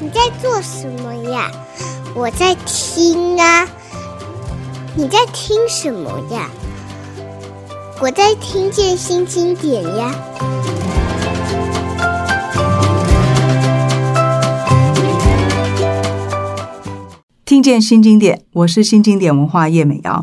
你在做什麼呀？我在聽啊。你在聽什麼呀？我在聽《聽見新經典》呀。聽見新經典，我是新經典文化葉美瑤。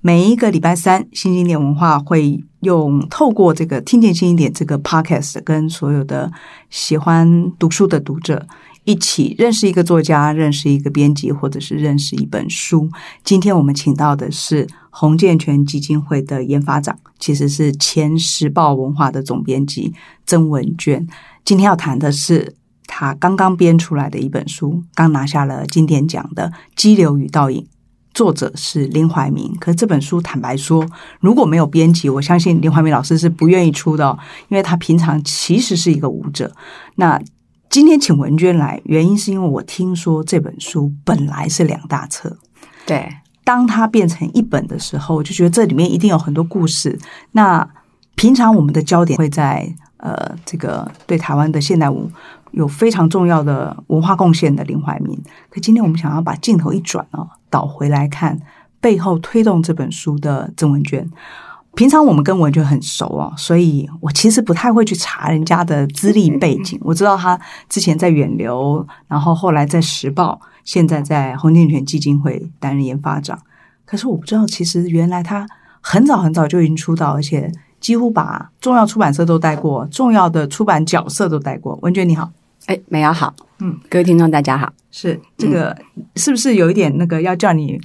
每一個禮拜三，新經典文化會用透過這個“聽見新經典”這個 podcast，跟所有的喜歡讀書的讀者，一起認識一個作家，認識一個編輯，或者是認識一本書。今天我們請到的是洪建全基金會的研發長，其實是前《時報文化》的總編輯曾文娟。今天要談的是他剛剛編出來的一本書，剛拿下了金典獎的《激流與倒影》，作者是林懷民。可是這本書坦白說，如果沒有編輯，我相信林懷民老師是不願意出的哦，因為他平常其實是一個舞者。那。今天請文娟來，原因是因為我聽說這本書本來是兩大冊，對，當它變成一本的時候，我就覺得這裡面一定有很多故事。那平常我們的焦點會在呃，這個對台灣的現代舞有非常重要的文化貢獻的林懷民，可今天我們想要把鏡頭一轉啊，哦，倒回來看背後推動這本書的曾文娟。平常我們跟文娟很熟哦，所以我其實不太會去查人家的資歷背景。我知道他之前在遠流，然後後來在時報，現在在洪建全基金會擔任研發長。可是我不知道，其實原來他很早很早就已經出道，而且幾乎把重要出版社都帶過，重要的出版角色都帶過。文娟你好，誒、哎、美瑤好，嗯，各位聽眾大家好，是這個、嗯、是不是有一點那個要叫你？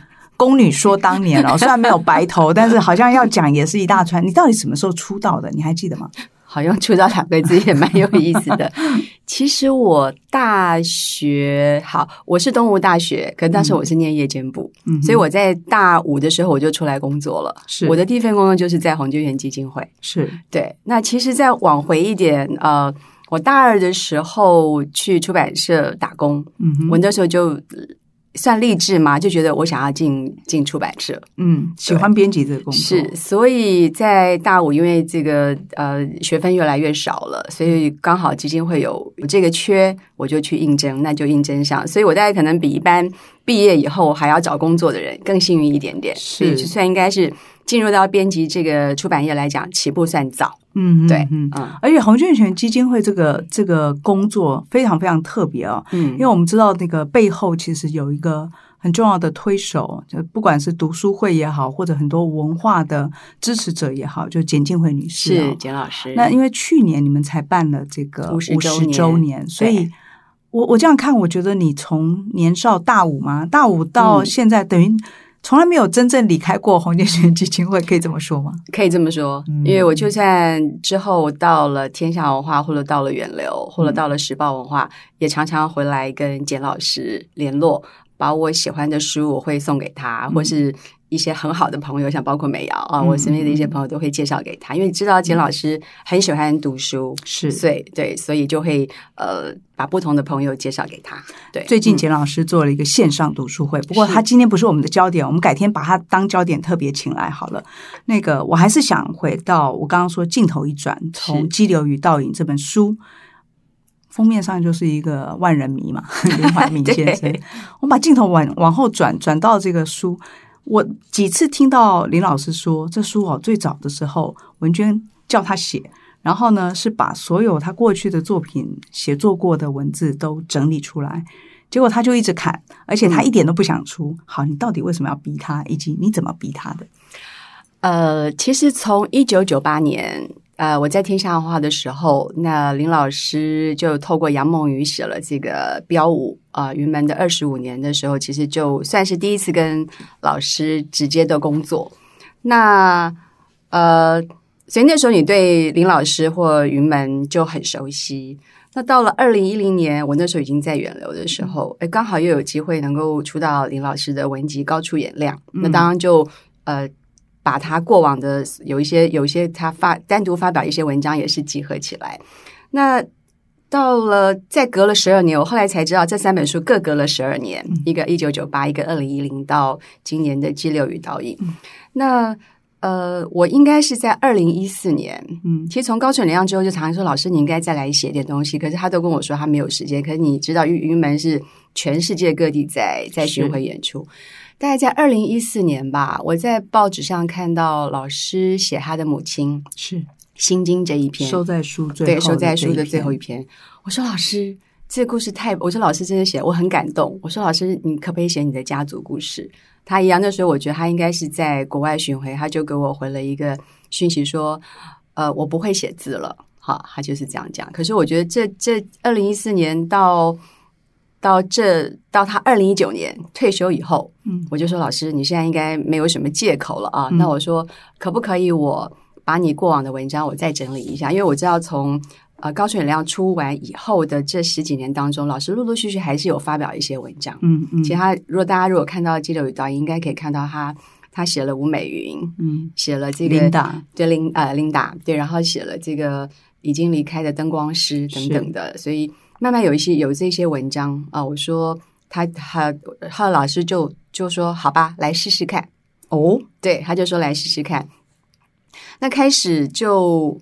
宮女說：“當年哦，雖然沒有白頭，但是好像要講也是一大串。你到底什麼時候出道的？你還記得嗎？”好像出道兩個字也蠻有意思的。 其實我大學，好，我是東吳大學，可當時我是念夜間部，嗯、哼所以我在大五的時候我就出來工作了。是，我的第一份工作就是在洪建全基金會。是對。那其實再往回一點，呃，我大二的時候去出版社打工，嗯哼，我那時候就。算勵志嘛？就覺得我想要進進出版社，嗯，喜歡是編輯這個工作，是。所以在大五，因為這個呃學分越來越少了，所以剛好基金會有這個缺，我就去應徵，那就應徵上。所以我大概可能比一般畢業以後還要找工作的人更幸運一點點，是。所以就算應該是進入到編輯這個出版業來講，起步算早。嗯，對，嗯，嗯，而且洪建全基金會這個這個工作非常非常特別哦，嗯，因為我們知道那個背後其實有一個很重要的推手，就不管是讀書會也好，或者很多文化的支持者也好，就簡靜惠女士、哦，是簡老師。那因為去年你們才辦了這個五十周年，周年，所以我我這樣看，我覺得你從年少大五嘛，大五到現在等於、嗯。從來沒有真正離開過洪建全基金會，可以這麼說嗎？可以這麼說，嗯、因為我就算之後我到了天下文化，或者到了遠流，或者到了時報文化，嗯、也常常回來跟簡老師聯絡，把我喜歡的書我會送給他，嗯、或是。一些很好的朋友，像包括美瑤啊，我身邊的一些朋友都會介紹給他，嗯、因為知道簡老師很喜歡讀書，是，對對，所以就會呃把不同的朋友介紹給他。對，最近簡老師做了一個線上讀書會，嗯、不過他今天不是我們的焦點，是我們改天把他當焦點特別請來好了。那個，我還是想回到我剛剛說鏡頭一轉，從《激流與倒影》這本書是封面上就是一個萬人迷嘛，林懷民先生。 對我們把鏡頭往往後轉，轉到這個書。我幾次聽到林老師說，這書哦，最早的時候文娟叫他寫，然後呢，是把所有他過去的作品寫作過的文字都整理出來，結果他就一直砍，而且他一點都不想出。嗯、好，你到底為什麼要逼他，以及你怎麼逼他的？呃，其實從一九九八年。呃，我在聽下話的時候，那林老師就透過楊孟瑜寫了這個飆舞啊、呃，雲門的二十五年的時候，其實就算是第一次跟老師直接的工作。那呃，所以那時候你對林老師或雲門就很熟悉。那到了二零一零年，我那時候已經在遠流的時候，哎、嗯，剛好又有機會能夠出到林老師的文集《高處眼亮》嗯，那當然就呃。把他過往的有一些、有一些他發單獨發表一些文章也是集合起來。那到了再隔了十二年，我後來才知道這三本書各隔了十二年，嗯、一個一九九八，一個二零一零到今年的《激流與倒影》、嗯、那呃，我應該是在二零一四年，嗯、其實從《高處眼亮》之後就常常說老師，你應該再來寫點東西。可是他都跟我說他沒有時間。可是你知道雲門是全世界各地在在巡迴演出。大概在二零一四年吧，我在報紙上看到老師寫他的母親是《心經》這一篇，收在書最後一篇，對，收在書的最後一篇。我說老師，這故事太……我說老師，真的寫我很感動。我說老師，你可不可以寫你的家族故事？他一樣。那時候我覺得他應該是在國外巡迴，他就給我回了一個訊息說：“呃，我不會寫字了。”好，他就是這樣講。可是我覺得這這二零一四年到。到這，到他二零一九年退休以後，嗯，我就說老師，你現在應該沒有什麼借口了啊。嗯、那我說，可不可以我把你過往的文章我再整理一下？因為我知道從、呃、高處眼亮出完以後的這十幾年當中，老師陸陸續續還是有發表一些文章。嗯嗯。其他如果大家如果看到《激流與倒影》，應該可以看到他他寫了吳美雲，嗯，寫了這個 Linda Linda 對琳，呃 Linda, 對，然後寫了這個已經離開的燈光師等等的，是所以。慢慢有一些有這些文章啊。哦，我說他他浩老師就就說好吧，來試試看哦，對，他就說來試試看。那開始就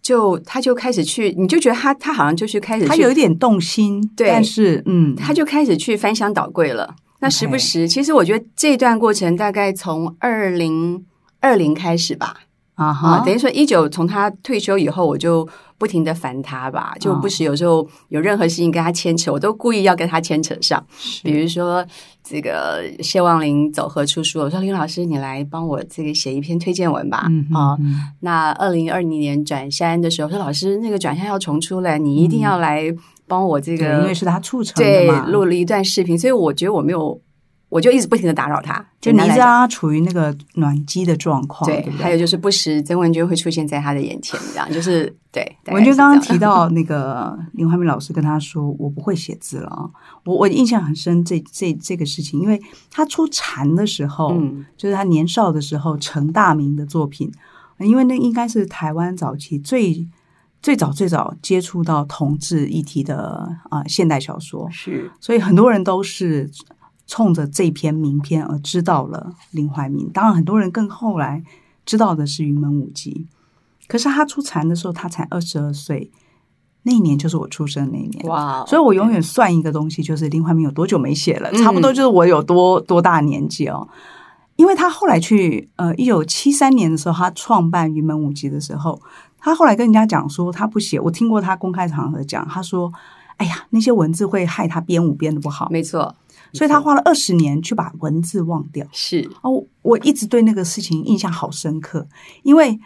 就他就開始去，你就覺得他他好像就是開始去，他有一點動心，對。但是嗯，他就開始去翻箱倒櫃了。那時不時，Okay. 其實我覺得這段過程大概從二零二零開始吧。Uh huh. 啊哈！等於說，一九從他退休以後，我就不停地煩他吧，uh huh. 就不時有時候有任何事情跟他牽扯，我都故意要跟他牽扯上。Uh huh. 比如說這個謝旺霖走河出書，我說林老師，你來幫我這個寫一篇推薦文吧。Uh huh. 啊，那二零二零年轉山的時候，我說老師那個轉山要重出來，uh huh. 你一定要來幫我這個，uh huh. 因為是他促成的嘛。對。錄了一段視頻，所以我覺得我沒有。我就一直不停的打擾他，就你知道他處於那個暖機的狀況，對，對對，還有就是不時曾文娟會出現在他的眼前，這樣就是對。文娟 對剛剛提到那個林懷民老師跟他說：“我不會寫字了啊。”我 我印象很深，這這這個事情，因為他出蟬的時候，嗯、就是他年少的時候成大名的作品，因為那應該是台灣早期最最早最早接觸到同志議題的啊、呃、現代小說，是，所以很多人都是。衝着這篇名篇而知道了林懷民，當然很多人更後來知道的是雲門舞集。可是他出蟬的時候，他才二十二歲，那一年就是我出生那一年，哇！所以，我永遠算一個東西，就是林懷民有多久沒寫了，嗯、差不多就是我有多多大年紀哦。因為他後來去呃，一九七三年的時候，他創辦雲門舞集的時候，他後來跟人家講說他不寫。我聽過他公開場合講，他說：“哎呀，那些文字會害他編舞編得不好。”沒錯。所以他花了二十年去把文字忘掉。是。哦，啊，我一直對那個事情印象好深刻，因為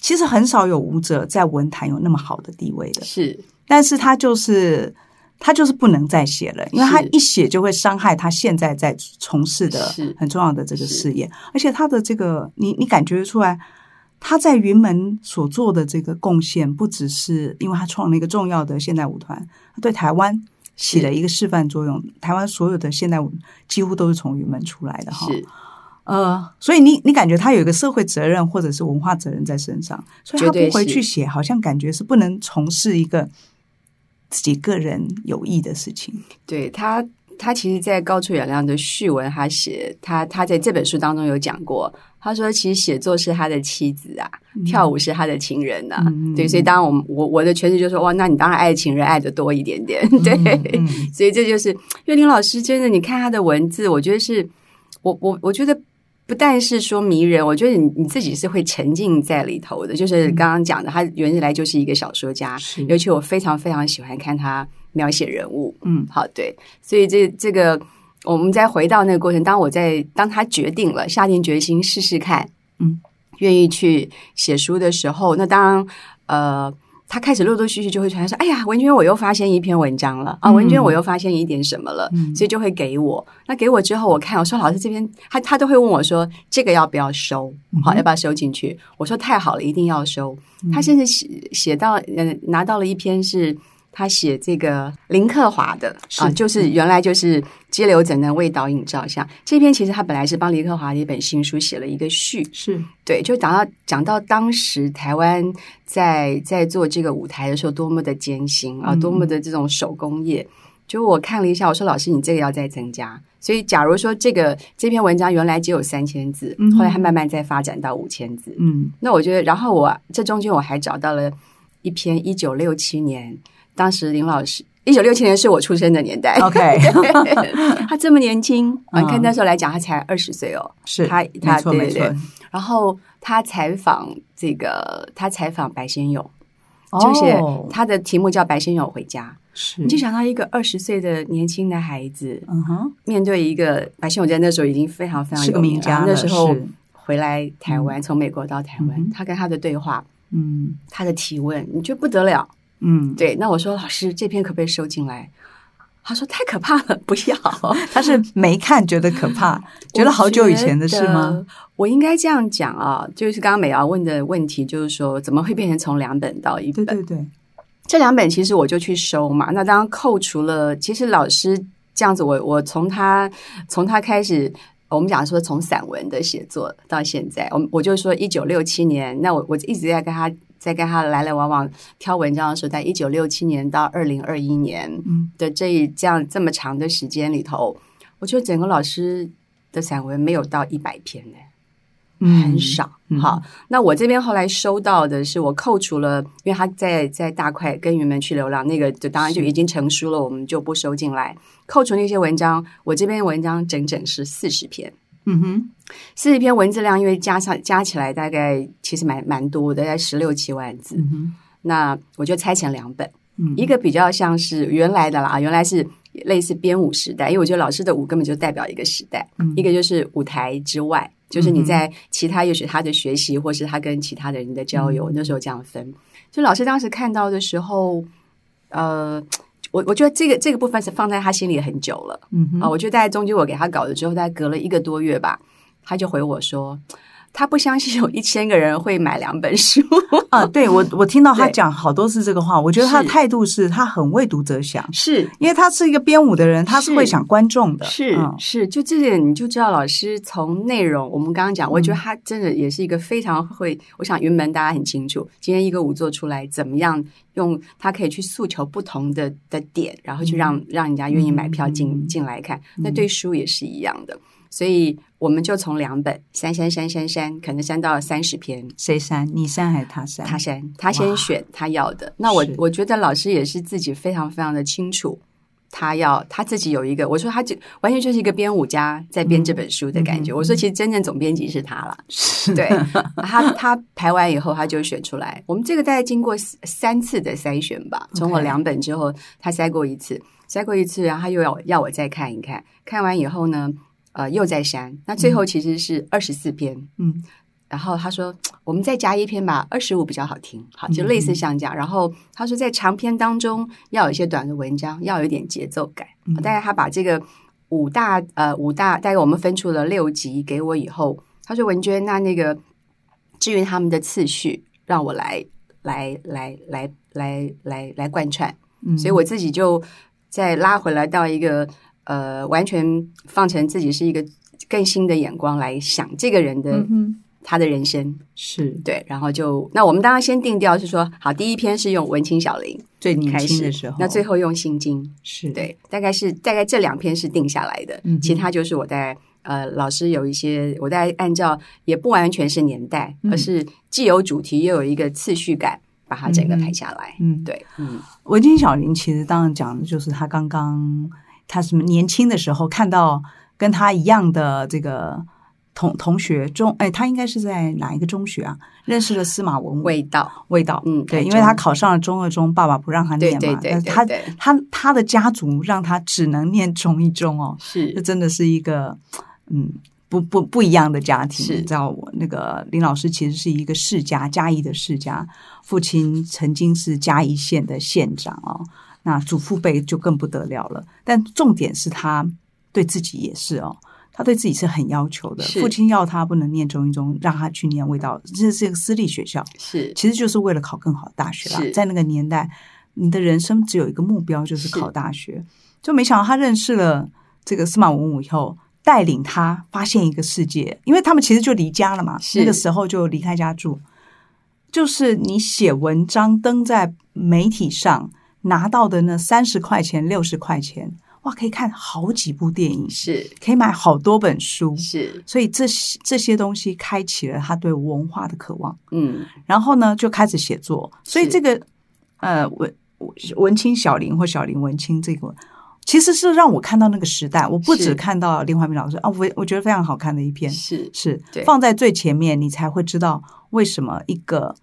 其實很少有舞者在文壇有那麼好的地位的。是，但是他就是他就是不能再寫了，因為他一寫就會傷害他現在在從事的很重要的這個事業。而且他的這個，你你感覺出來，他在雲門所做的這個貢獻，不只是因為他創了一個重要的現代舞團，他對台灣起了一個示範作用，是台灣所有的現代，幾乎都是從雲門出來的哈，呃，所以你你感覺他有一個社會責任或者是文化責任在身上，所以他不回去寫，好像感覺是不能從事一個自己個人有益的事情，對他。他其實，在《高處眼亮》的序文他寫，他寫他他在這本書當中有講過，他說其實寫作是他的妻子啊，嗯、跳舞是他的情人吶、啊，嗯、對，所以當然我我我的詮釋就說，哇，那你當然愛情人愛得多一點點，對，嗯嗯、所以這就是岳林老師真的，你看他的文字，我覺得是我我我覺得不但是說迷人，我覺得你你自己是會沉浸在裡頭的，就是剛剛講的，他原來就是一個小說家，是尤其我非常非常喜歡看他，描寫人物，嗯，好，對，所以這這個，我們再回到那個過程。當我在當他決定了下定決心試試看，嗯，願意去寫書的時候，那當呃，他開始陸陸續續就會傳說，嗯、哎呀，文娟，我又發現一篇文章了啊、嗯哦，文娟，我又發現一點什麼了，嗯、所以就會給我。那給我之後，我看我說老師這邊他他都會問我說這個要不要收，好要不要收進去？嗯、我說太好了，一定要收。嗯、他甚至寫寫到嗯、呃，拿到了一篇是。他寫這個林克華的是啊，就是原來就是激流怎能為倒影照相這篇。其實他本來是幫林克華的一本新書寫了一個序。是，對，就講到講到當時台灣在在做這個舞台的時候，多麼的艱辛啊，多麼的這種手工業，嗯嗯就我看了一下，我說老師，你這個要再增加，所以假如說這個這篇文章原來只有三千字，後來他慢慢再發展到五千字，嗯，嗯，那我覺得，然後我這中間我還找到了一篇一九六七年，當時林老師，一九六七年是我出生的年代。OK，他這麼年輕，你看那時候來講，他才二十歲哦。是，他他對對。然後他採訪這個，他採訪白先勇，就是他的題目叫《白先勇回家》，你就想到一個二十歲的年輕的孩子，嗯哼，面對一個白先勇在那時候已經非常非常有名了，是個名家，那時候回來台灣，從美國到台灣，他跟他的對話，嗯，他的提問，你就不得了。嗯，對，那我說老師，這篇可不可以收進來？他說太可怕了，不要。 他是沒看覺得可怕，覺得好久以前的事嗎？我，我應該這樣講啊，就是剛剛美瑤問的問題，就是說怎麼會變成從兩本到一本？對對對，這兩本其實我就去收嘛。那當然扣除了，其實老師這樣子我，我我從他從他開始，我們講說從散文的寫作到現在，我我就說一九六七年，那我我一直在跟他。在跟他來來往往挑文章的時候，在一九六七年到二零二一年的這一這樣這麼長的時間裡頭，我覺得整個老師的散文沒有到一百篇呢，很少。嗯、好，嗯、那我這邊後來收到的是，我扣除了，因為他在在大塊《跟雲門去流浪》那個，就當然就已經成書了，是我們就不收進來。扣除那些文章，我這邊文章整整是四十篇。嗯哼。四十篇文字量，因為加上加起來大概其實蠻蠻多的，大概十六七萬字。嗯、哼那我就拆成兩本，嗯、一個比較像是原來的啦，原來是類似編舞時代，因為我覺得老師的舞根本就代表一個時代。嗯、一個就是舞台之外，嗯、哼就是你在其他，也許他的學習，或是他跟其他的人的交流。嗯、哼那時候這樣分，就老師當時看到的時候，呃，我我覺得這個這個部分是放在他心裡很久了。嗯哼，啊，我覺得在中間我給他搞了之後，大概隔了一個多月吧。他就回我說：“他不相信有一千個人會買兩本書 啊！”對，我我聽到他講好多次這個話，對我覺得他的態度是，是他很為讀者想，是因為他是一個編舞的人，他是會想觀眾的，是、嗯、是，是，就這點你就知道。老師從內容，我們剛剛講，我覺得他真的也是一個非常會。嗯、我想雲門大家很清楚，今天一個舞做出來怎麼樣，用他可以去訴求不同的的點，然後去讓讓人家願意買票進進、嗯、來看。那對書也是一樣的。所以我們就從兩本刪刪刪刪刪，可能刪到三十篇。誰刪？你刪還是他刪？他刪。他先選他要的。哇那我是我覺得老師也是自己非常非常的清楚，他要他自己有一個。我說他就完全就是一個編舞家在編這本書的感覺。嗯、我說其實真正總編輯是他了。嗯、是對，他他排完以後他就選出來。 我們這個大概經過三次的篩選吧。從我兩本之後，他篩過一次，篩過一次，然後他又要要我再看一看。看完以後呢？呃，又在刪，那最後其實是二十四篇，嗯，然後他說我們再加一篇吧，二十五比較好聽，好，就類似像這樣。嗯、然後他說在長篇當中要有一些短的文章，要有一點節奏感，但是、嗯、他把這個五大呃五大，大概我們分出了六集給我以後，他說文娟，那那個至於他們的次序，讓我來來來來來來來，來貫穿，嗯，所以我自己就再拉回來到一個。呃，完全放成自己是一個更新的眼光來想這個人的、嗯、哼他的人生是對，然後就那我們當然先定調，是說，好，第一篇是用文青小林開始最年輕的時候，那最後用心經是對，大概是大概這兩篇是定下來的，嗯、哼其他就是我在呃，老師有一些我在按照，也不完全是年代，嗯、而是既有主題又有一個次序感，把它整個排下來。嗯哼，對，嗯，文青小林其實當時講的就是他剛剛。.他什麼年輕的時候看到跟他一樣的這個同同學中，哎，他應該是在哪一個中學啊？認識了司馬文武，味道味道，味道，嗯，對，覺因為他考上了中二中，爸爸不讓他念嘛，但是他他他的家族讓他只能念中一中哦，是，這真的是一個嗯不不不，不一樣的家庭，是你知道我，我那個林老師其實是一個世家嘉義的世家，父親曾經是嘉義縣的縣長哦。那祖父輩就更不得了了，但重點是他對自己也是哦，他對自己是很要求的。是父親要他不能念中一中，讓他去念衛道，這是一個私立學校，是，其實就是為了考更好的大學啦。是在那個年代，你的人生只有一個目標，就是考大學。是就沒想到他認識了這個司馬文武以後，帶領他發現一個世界，因為他們其實就離家了嘛，是那個時候就離開家住，就是你寫文章登在媒體上。拿到的那三十塊錢、六十塊錢，哇，可以看好幾部電影，是，可以買好多本書，是，所以這些這些東西開啟了他對文化的渴望，嗯，然後呢，就開始寫作，是所以這個呃，文文青小林或小林文青這個其實是讓我看到那個時代，我不止看到林懷民老師啊，我我覺得非常好看的一篇，是是，是對放在最前面，你才會知道為什麼一個。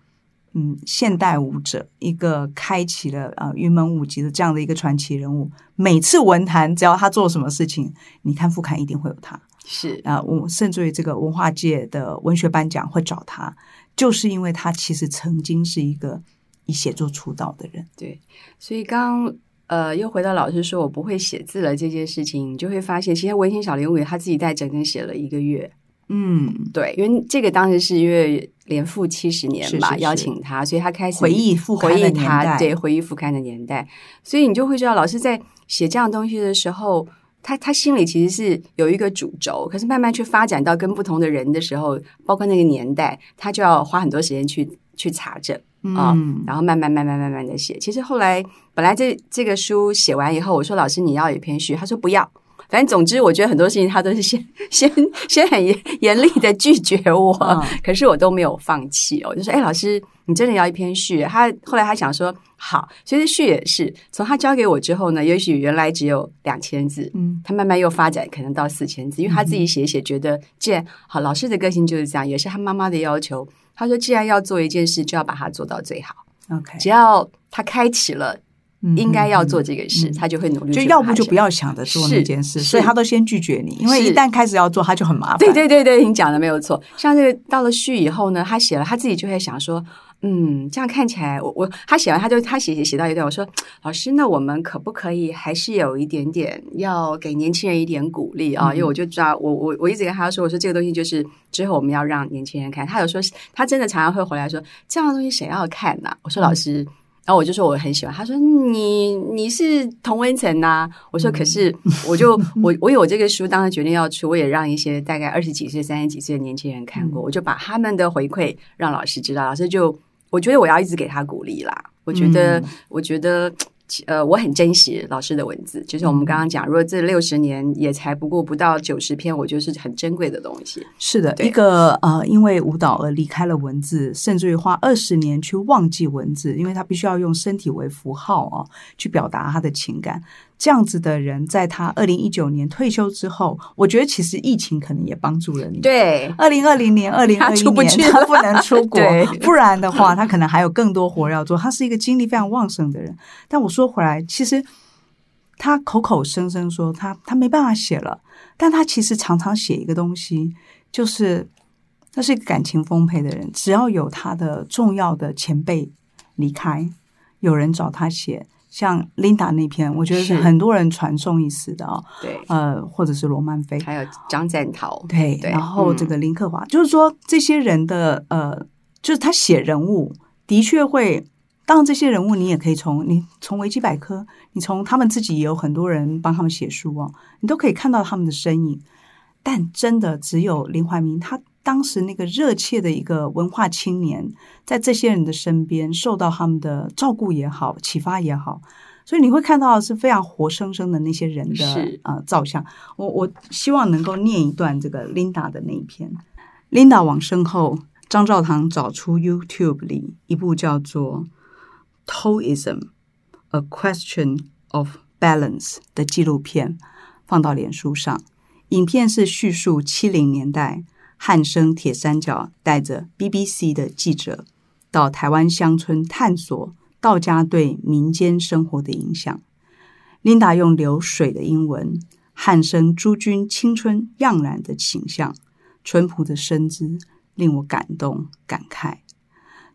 嗯，現代舞者一個開啟了啊呃、雲門舞集的這樣的一個傳奇人物，每次文壇只要他做什麼事情，你看副刊一定會有他，是啊，我甚至於這個文化界的文學頒獎會找他，就是因為他其實曾經是一個以寫作出道的人。對，所以剛呃又回到老師說我不會寫字了這件事情，你就會發現，其實文心小林武他自己在整整寫了一個月。嗯，對，因為這個當時是因為聯副七十年吧，是是是邀請他，所以他開始回憶副刊回憶他對回憶副刊的年代，所以你就會知道，老師在寫這樣東西的時候，他他心裡其實是有一個主軸，可是慢慢去發展到跟不同的人的時候，包括那個年代，他就要花很多時間去去查證啊，嗯，然後慢慢慢慢慢慢的寫。其實後來本來這這個書寫完以後，我說老師你要一篇序，他說不要。但總之，我覺得很多事情他都是先先先很嚴嚴厲的拒絕我，uh huh. 可是我都沒有放棄哦。我就說：“哎，老師，你真的要一篇序啊？”他後來他想說：“好。”其實序也是從他交給我之後呢，也許原來只有兩千字，嗯，他慢慢又發展，可能到四千字，因為他自己寫一寫覺得，既然好老師的個性就是這樣，也是他媽媽的要求。他說：“既然要做一件事，就要把它做到最好。” OK，只要他開啟了。應該要做這個事，嗯、他就會努力。就要不就不要想着做這件事，是所以他都先拒絕你，是因為一旦開始要做，他就很麻煩。對對對對，你講的沒有錯。像這個到了序以後呢，他寫了，他自己就會想說，嗯，這樣看起來，我我他寫完他就他寫寫到一段，我說老師，那我們可不可以還是有一點點要給年輕人一點鼓勵啊？嗯、因為我就知道，我我我一直跟他說，我說這個東西就是之後我們要讓年輕人看。他有說，他真的常常會回來說，這樣的東西誰要看呢、啊？我說老師。嗯然後、哦、我就說我很喜歡，他說你你是同溫層吶，我說可是我就 我我有這個書，當時決定要出，我也讓一些大概二十幾歲、三十幾歲的年輕人看過，嗯、我就把他們的回饋讓老師知道，老師就我覺得我要一直給他鼓勵啦，我覺得、嗯、我覺得。呃，我很珍惜老師的文字，就是我們剛剛講，如果這六十年也才不過不到九十篇，我覺得是很珍貴的東西。是的，對一個呃，因為舞蹈而離開了文字，甚至於花二十年去忘記文字，因為他必須要用身體為符號啊、哦，去表達他的情感。這樣子的人，在他二零一九年退休之後，我覺得其實疫情可能也幫助了你。對，二零二零年、二零二一年，他出不去，他不能出國，對不然的話，他可能還有更多活要做。他是一個精力非常旺盛的人。但我說回來，其實他口口聲聲說他他沒辦法寫了，但他其實常常寫一個東西，就是他是一個感情豐沛的人。只要有他的重要的前輩離開，有人找他寫。像琳達那篇，我覺得是很多人傳頌一時的哦。對，呃，或者是羅曼菲，還有張贊桃，對，對，然後這個林克華，嗯、就是說這些人的呃，就是他寫人物的確會，當然這些人物你也可以從你從維基百科，你從他們自己也有很多人幫他們寫書哦，你都可以看到他們的身影，但真的只有林懷民他。當時那個熱切的一個文化青年，在這些人的身邊受到他們的照顧也好、啟發也好，所以你會看到是非常活生生的那些人的啊造像。我我希望能夠念一段這個 Linda 的那一篇。Linda 往生後，張照堂找出 YouTube 裡一部叫做《Taoism: A Question of Balance》的紀錄片，放到臉書上。影片是敘述七零年代。漢生鐵三角帶着 BBC 的記者到台灣鄉村探索道家對民間生活的影響。Linda 用流水的英文，漢生諸君青春盎然的形象，淳樸的身姿令我感動感慨。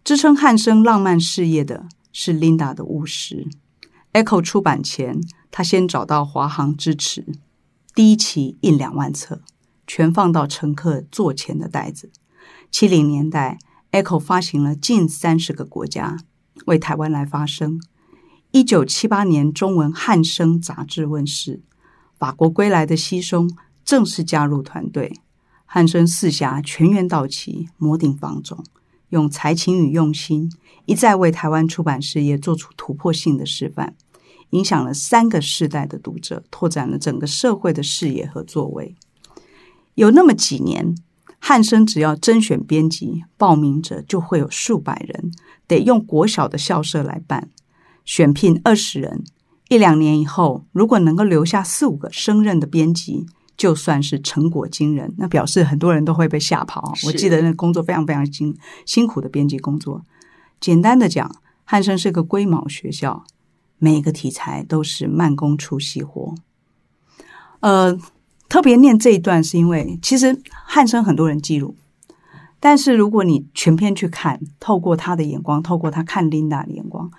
支撐漢生浪漫事業的是 Linda 的務實。Echo 出版前，他先找到華航支持，第一期印兩萬冊。全放到乘客座前的袋子。七零年代，Echo 發行了近三十個國家為台灣來發聲。一九七八年，中文漢聲雜誌問世，法國歸來的奚淞正式加入團隊。漢聲四俠全員到齊，摩頂放踵，用才情與用心，一再為台灣出版事業做出突破性的示範，影響了三個世代的讀者，拓展了整個社會的視野和作為。有那麼幾年，漢生只要甄選編輯，報名者就會有數百人，得用國小的校舍來辦，選聘二十人。一兩年以後，如果能夠留下四五個升任的編輯，就算是成果驚人。那表示很多人都會被嚇跑。是我記得那工作非常非常辛辛苦的編輯工作。簡單的講，漢生是個龜毛學校，每一個題材都是慢工出細活。呃。特別念這一段，是因為其實漢生很多人記錄，但是如果你全篇去看，透過他的眼光，透過他看 Linda 的眼光，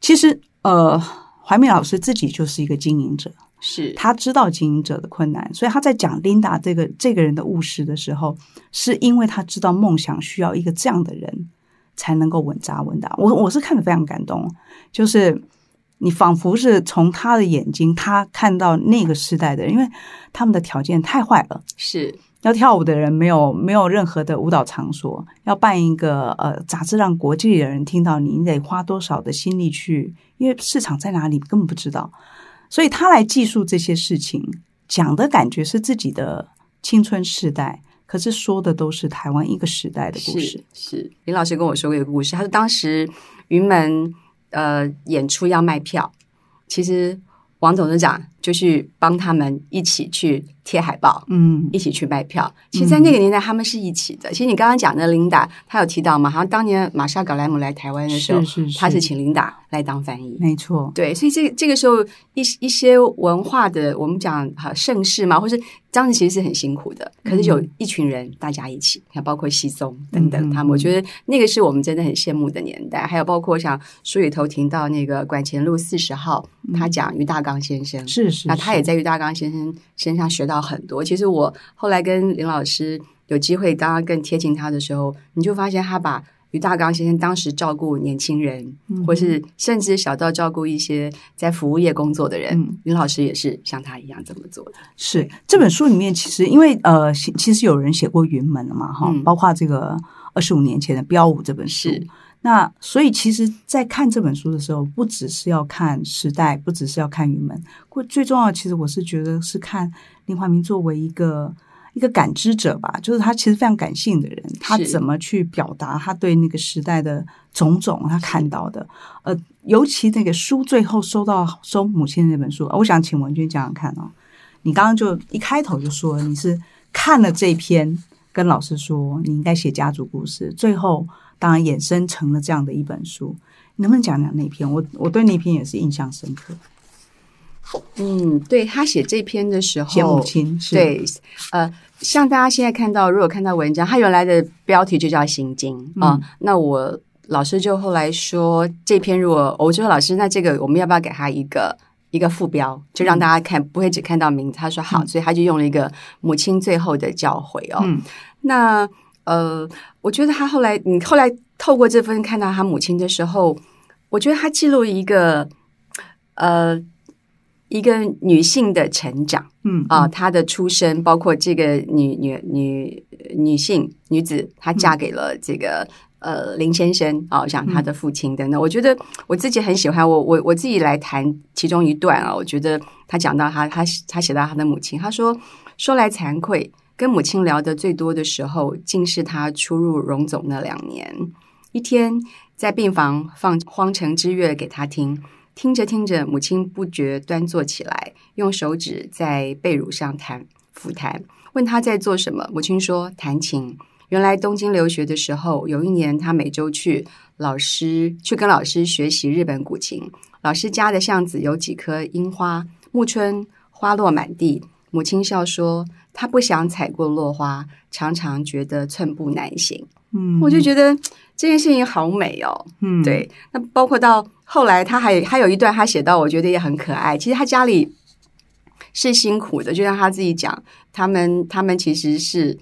其實呃，懷民老師自己就是一個經營者，是他知道經營者的困難，所以他在講 Linda 這個這個人的務實的時候，是因為他知道夢想需要一個這樣的人才能夠穩扎穩打。我我是看得非常感動，就是。你仿佛是從他的眼睛，他看到那個時代的人，因為他們的條件太壞了，是要跳舞的人沒有沒有任何的舞蹈場所，要辦一個呃雜誌讓國際的人聽到你，你得花多少的心力去，因為市場在哪裡根本不知道，所以他來記述這些事情，講的感覺是自己的青春時代，可是說的都是台灣一個時代的故事。是，是林老師跟我說過一個故事，他說當時雲門。呃，演出要賣票，其實王董事長就去幫他們一起去。貼海報，嗯，一起去賣票。其實，在那個年代，他們是一起的。嗯、其實，你剛剛講的琳達，她有提到嘛？好像當年瑪莎·葛萊姆來台灣的時候，是，是，是，他是請琳達來當翻譯，沒錯。對，所以這個、這個時候，一一些文化的我們講哈、啊、盛世嘛，或是當時其實是很辛苦的，可是有一群人、嗯、大家一起，包括奚淞等等他們，嗯、我覺得那個是我們真的很羨慕的年代。還有包括像書裡頭提到那個館前路四十號，嗯、他講俞大綱先生，是是、嗯，那他也在俞大綱先生身上學到。很多，其實我後來跟林老師有機會，當然更貼近他的時候，你就發現他把俞大綱先生當時照顧年輕人，嗯、或是甚至小到照顧一些在服務業工作的人，嗯、林老師也是像他一樣這麼做的。是這本書裡面，其實因為呃，其實有人寫過雲門了嘛，哈、嗯，包括這個二十五年前的《飆舞》這本書。那所以，其實，在看這本書的時候，不只是要看時代，不只是要看雲門，過最重要，其實我是覺得是看林懷民作為一個一個感知者吧，就是他其實非常感性的人，他怎麼去表達他對那個時代的種種他看到的。是呃，尤其那個書最後收到收母親的那本書，呃，我想請文娟講講看哦，你剛剛就一開頭就說你是看了這篇，跟老師說你應該寫家族故事，最後。當然，衍生成了這樣的一本書，能不能講講那篇？我我對那篇也是印象深刻。嗯，對，他寫這篇的時候，寫母親是對，呃，像大家現在看到，如果看到文章，他原來的標題就叫《心經》啊、嗯呃。那我老師就後來說，這篇如果、哦、我就說老師，那這個我們要不要給他一個一個副標，就讓大家看，嗯、不會只看到名字。他說好，嗯、所以他就用了一個“母親最後的教誨”哦。嗯，那。呃，我覺得他後來，你後來透過這份看到他母親的時候，我覺得他記錄一個，呃，一個女性的成長，嗯啊，她、嗯呃、的出生，包括這個女女女、呃、女性女子，她嫁給了這個、嗯、呃林先生啊，像、呃、他的父親等等。嗯、我覺得我自己很喜歡，我我我自己來談其中一段啊。我覺得他講到他他他寫到他的母親，他說說來慚愧。跟母親聊得最多的時候，竟是他初入榮總那兩年。一天在病房放《荒城之月》給他聽，聽着聽着，母親不覺端坐起來，用手指在被褥上彈撫彈。問他在做什麼，母親說彈琴。原來東京留學的時候，有一年他每周去老師去跟老師學習日本古琴。老師家的巷子有幾棵櫻花，暮春花落滿地。母親笑說。他不想踩過落花，常常覺得寸步難行。嗯，我就覺得這件事情好美哦。嗯，對，那包括到後來，他還還有一段他寫到，我覺得也很可愛。其實他家裡是辛苦的，就像他自己講，他們他們其實是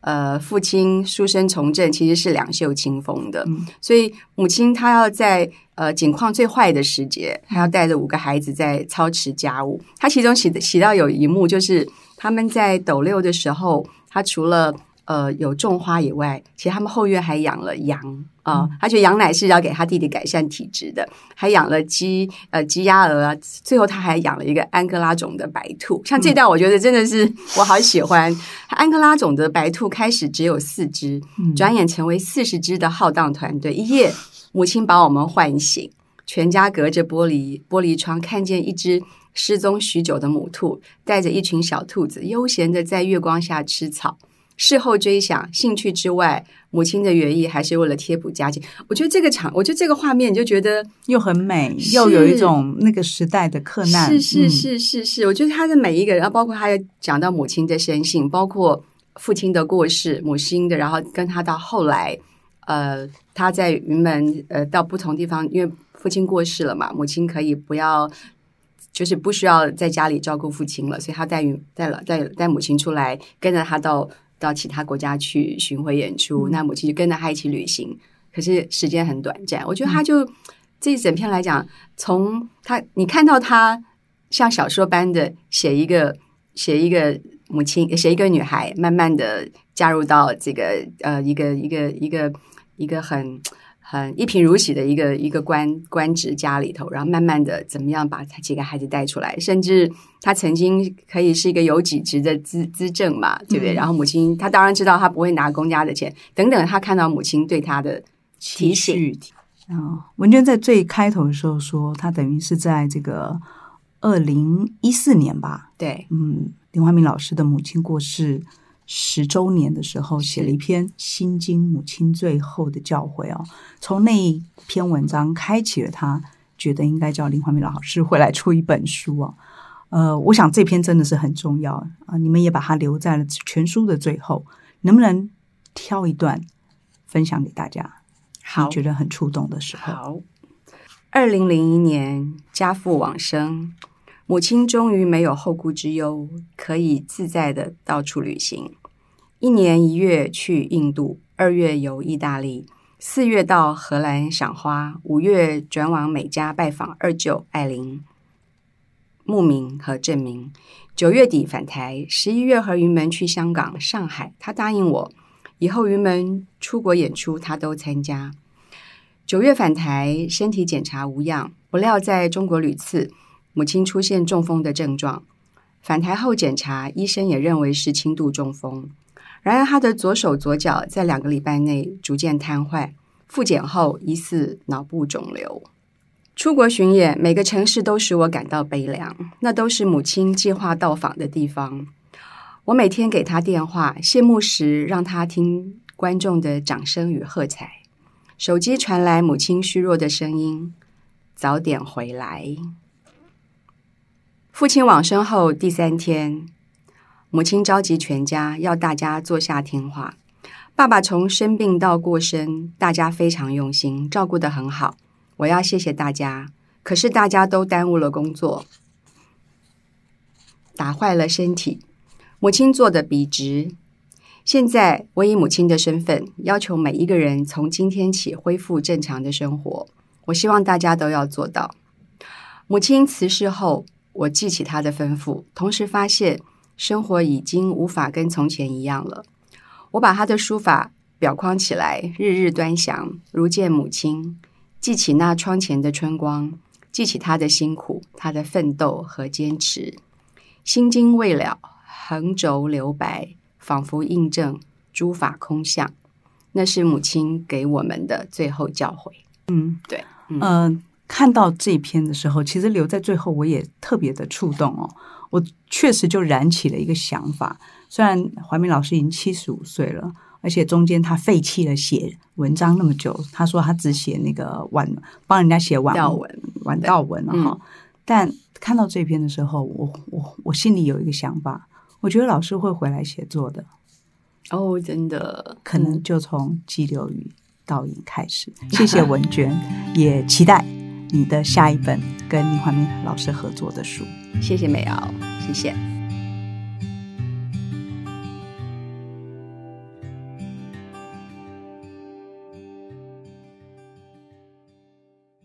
呃父親書生從政，其實是兩袖清風的，嗯，所以母親她要在。呃，景況最壞的時節，還要帶着五個孩子在操持家務。他其中寫寫到有一幕，就是他們在斗六的時候，他除了呃有種花以外，其實他們後院還養了羊啊，呃、他覺得羊奶是要給他弟弟改善體質的。還養了雞、呃雞鴨鵝啊，最後他還養了一個安哥拉種的白兔。像這段，我覺得真的是、嗯、我好喜歡。他安哥拉種的白兔開始只有四隻，嗯、轉眼成為四十隻的浩蕩團隊，一夜，母親把我們喚醒，全家隔着玻璃玻璃窗看見一只失蹤許久的母兔，帶着一群小兔子悠閒地在月光下吃草。事後追想，興趣之外，母親的原意還是為了貼補家境。我覺得這個場，我覺得這個畫面，你就覺得又很美，是又有一種那個時代的克難。是是是是、嗯、是，我覺得他的每一個人，包括他講到母親的生性，包括父親的過世，母親的，然後跟他到後來。呃，他在雲門，呃，到不同地方，因為父親過世了嘛，母親可以不要，就是不需要在家裡照顧父親了，所以他帶雲帶了帶了帶母親出來，跟着他到到其他國家去巡回演出，嗯、那母親就跟着他一起旅行，可是時間很短暫。我覺得他就、嗯、這一整篇來講，從他你看到他像小說般的寫一個寫一個母親寫一個女孩，慢慢的。加入到這個呃一個一個一個一個,一個很很一貧如洗的一個一個官官職家裡頭，然後慢慢的怎麼樣把他幾個孩子帶出來，甚至他曾經可以是一個有幾職的資資政嘛，對不對？嗯、然後母親他當然知道他不會拿公家的錢，等等，他看到母親對他的提醒。嗯，文娟在最開頭的時候說，他等於是在這個二零一四年吧？對，嗯，林懷民老師的母親過世。十週年的時候，寫了一篇《心經》，母親最後的教誨哦。從那一篇文章開啟了他，覺得應該叫林懷民老師會來出一本書哦。呃，我想這篇真的是很重要啊，呃。你們也把它留在了全書的最後，能不能挑一段分享給大家？好你覺得很觸動的時候。二零零一年，家父往生。母親終於沒有後顧之憂，可以自在地到處旅行。一年一月去印度，二月遊意大利，四月到荷蘭賞花，五月轉往美加拜訪二舅艾琳、慕名和正名，九月底返台，十一月和雲門去香港、上海。他答應我，以後雲門出國演出，他都參加。九月返台，身體檢查無恙，不料在中國旅次，母親出現中風的症狀，返台後檢查，醫生也認為是輕度中風。然而，她的左手、左腳在兩個禮拜內逐漸癱瘓。複檢後，疑似腦部腫瘤。出國巡演，每個城市都使我感到悲涼，那都是母親計劃到訪的地方。我每天給她電話，謝幕時讓她聽觀眾的掌聲與喝彩。手機傳來母親虛弱的聲音：“早點回來。”父親往生後第三天，母親召集全家，要大家坐下聽話。爸爸從生病到過身，大家非常用心，照顧得很好。我要謝謝大家，可是大家都耽誤了工作，打壞了身體。母親坐得筆直。現在我以母親的身份，要求每一個人從今天起恢復正常的生活。我希望大家都要做到。母親辭世後，我記起他的吩咐，同時發現生活已經無法跟從前一樣了。我把他的書法裱框起來，日日端詳，如見母親。記起那窗前的春光，記起他的辛苦、他的奮鬥和堅持。心經未了，橫軸留白，仿佛印證諸法空相。那是母親給我們的最後教誨。嗯，對，嗯。呃看到這篇的時候，其實留在最後，我也特別的觸動哦。我確實就燃起了一個想法。雖然懷民老師已經七十五歲了，而且中間他廢棄了寫文章那麼久，他說他只寫那個輓，幫人家寫輓悼文、輓悼文了、哦、哈。嗯、但看到這篇的時候，我我我心裡有一個想法，我覺得老師會回來寫作的。哦，真的，可能就從《激流與倒影》開始。嗯、謝謝文娟， 也期待。你的下一本跟林懷民老師合作的書，謝謝美瑤，謝謝。